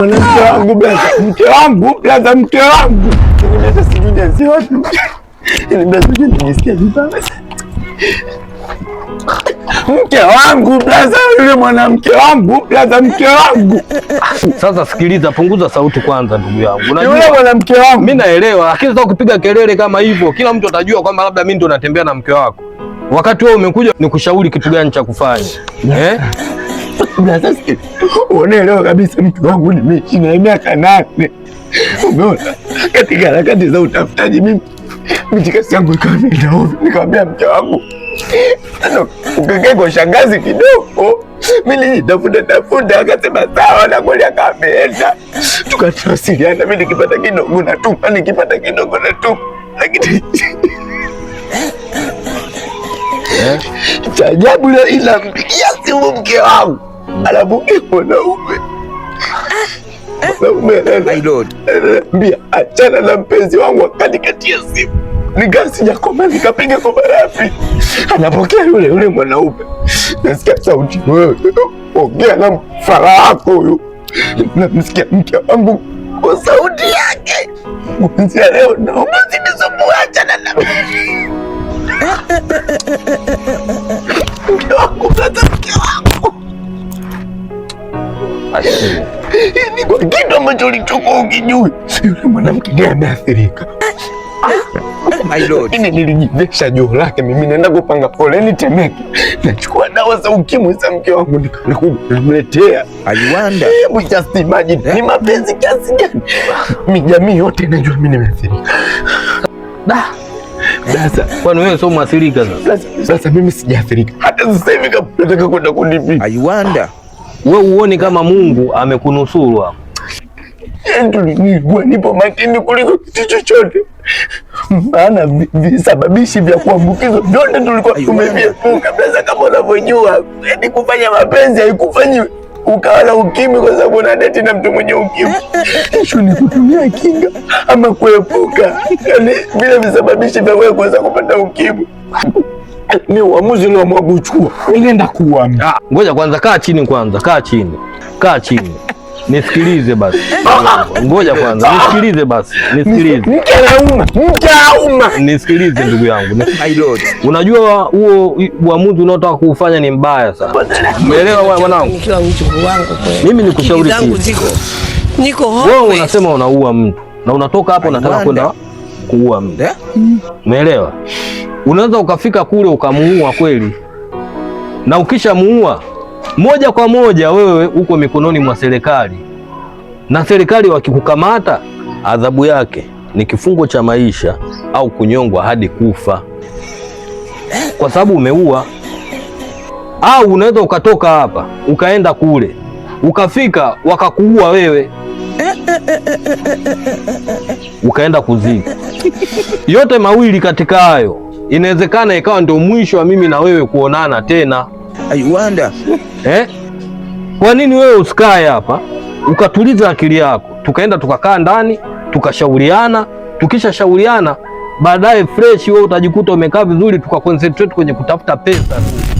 Mke wangu blaza, mke wangu blaza, mke wangu nimeta sijui nzi watu ili blaza, nijisikia vibaya. Mke wangu blaza, yule mwanamke wangu blaza, mke wangu. Sasa sikiliza, punguza sauti kwanza, ndugu yangu. Unajua yule mwanamke wangu, mimi naelewa, lakini sasa kupiga kelele kama hivyo, kila mtu atajua kwamba labda mimi ndo natembea na mke wako, wakati wewe umekuja nikushauri kitu gani cha kufanya eh? Blazaski, unaelewa kabisa mke wangu nimeishi na miaka nane. Umeona katika harakati za utafutaji mimi mitikasi yangu ikawa imeenda ovyo. Nikamwambia mke wangu ukakae kwa shangazi kidogo, mimi nijitafuta tafuta. Akasema sawa, na kweli akaenda. Tukatawasiliana, mimi nikipata kidogo natuma, nikipata kidogo natuma, lakini cha ajabu leo inampigia simu mke wangu anavugia mwanaume ah, eh. mwanaume mbia achana na mpenzi wangu, wakati kati ya simu nikaa sijakoma, nikapiga kwa barafi, anapokea yule yule mwanaume, nasikia sauti, wewe ongea na mfara wako huyu, namsikia mke wangu kwa sauti yake, kuanzia leo naomba Mke wangu sasa, mke wangu ni kwa kitu ambacho ulichoka ukijui, si yule mwanamke ndiye ameathirika. Ini nilijidesha joo lake, mimi naenda kupanga poleni Temeke, nachukua dawa za ukimwi za mke wangu, nikakuja namletea Aiwandabujasimaji. Ni mapenzi kiasi gani? Mijamii yote inajua mi nimeathirika. Sasa kwani wewe sio mwathirika sasa? Sasa mimi sijaathirika hata sasa hivi, nataka kwenda kulipi. I wonder wewe uone kama Mungu amekunusuru hapo. Yaani nipo makini kuliko kitu chochote, maana visababishi vya kuambukizwa vyote tulikuwa tumeviepuka. Sasa kama unavyojua, yaani kufanya mapenzi haikufanyiwe ukawa na ukimwi kwa sababu una deti na mtu mwenye ukimwi. Hicho ni kutumia kinga ama kuepuka yaani vile visababishi vya wewe kuweza kupata ukimwi. Ni uamuzi uliamua kuchukua, ulienda kuuamua. Ah, ngoja kwanza, kaa chini kwanza, kaa chini, kaa chini Nisikilize basi, ngoja kwanza nisikilize basi, nisikilize. Mke anauma, mke anauma. Nisikilize ndugu yangu, unajua huo uamuzi unaotaka kuufanya ni mbaya sana, umeelewa mwanangu? Mimi nikushauri wewe, unasema unaua mtu na unatoka hapo unataka kwenda kuua mtu, eh? umeelewa? Unaweza ukafika kule ukamuua kweli, na ukishamuua moja kwa moja wewe uko mikononi mwa serikali, na serikali wakikukamata, adhabu yake ni kifungo cha maisha au kunyongwa hadi kufa, kwa sababu umeua. Au unaweza ukatoka hapa ukaenda kule, ukafika wakakuua wewe, ukaenda kuzika. Yote mawili katika hayo, inawezekana ikawa ndio mwisho wa mimi na wewe kuonana tena. I wonder. Eh? Kwa nini wewe usikae hapa ukatuliza akili yako, tukaenda tukakaa ndani tukashauriana, tukishashauriana baadaye fresh wewe utajikuta umekaa vizuri, tukakonsentrate kwenye kutafuta pesa tu.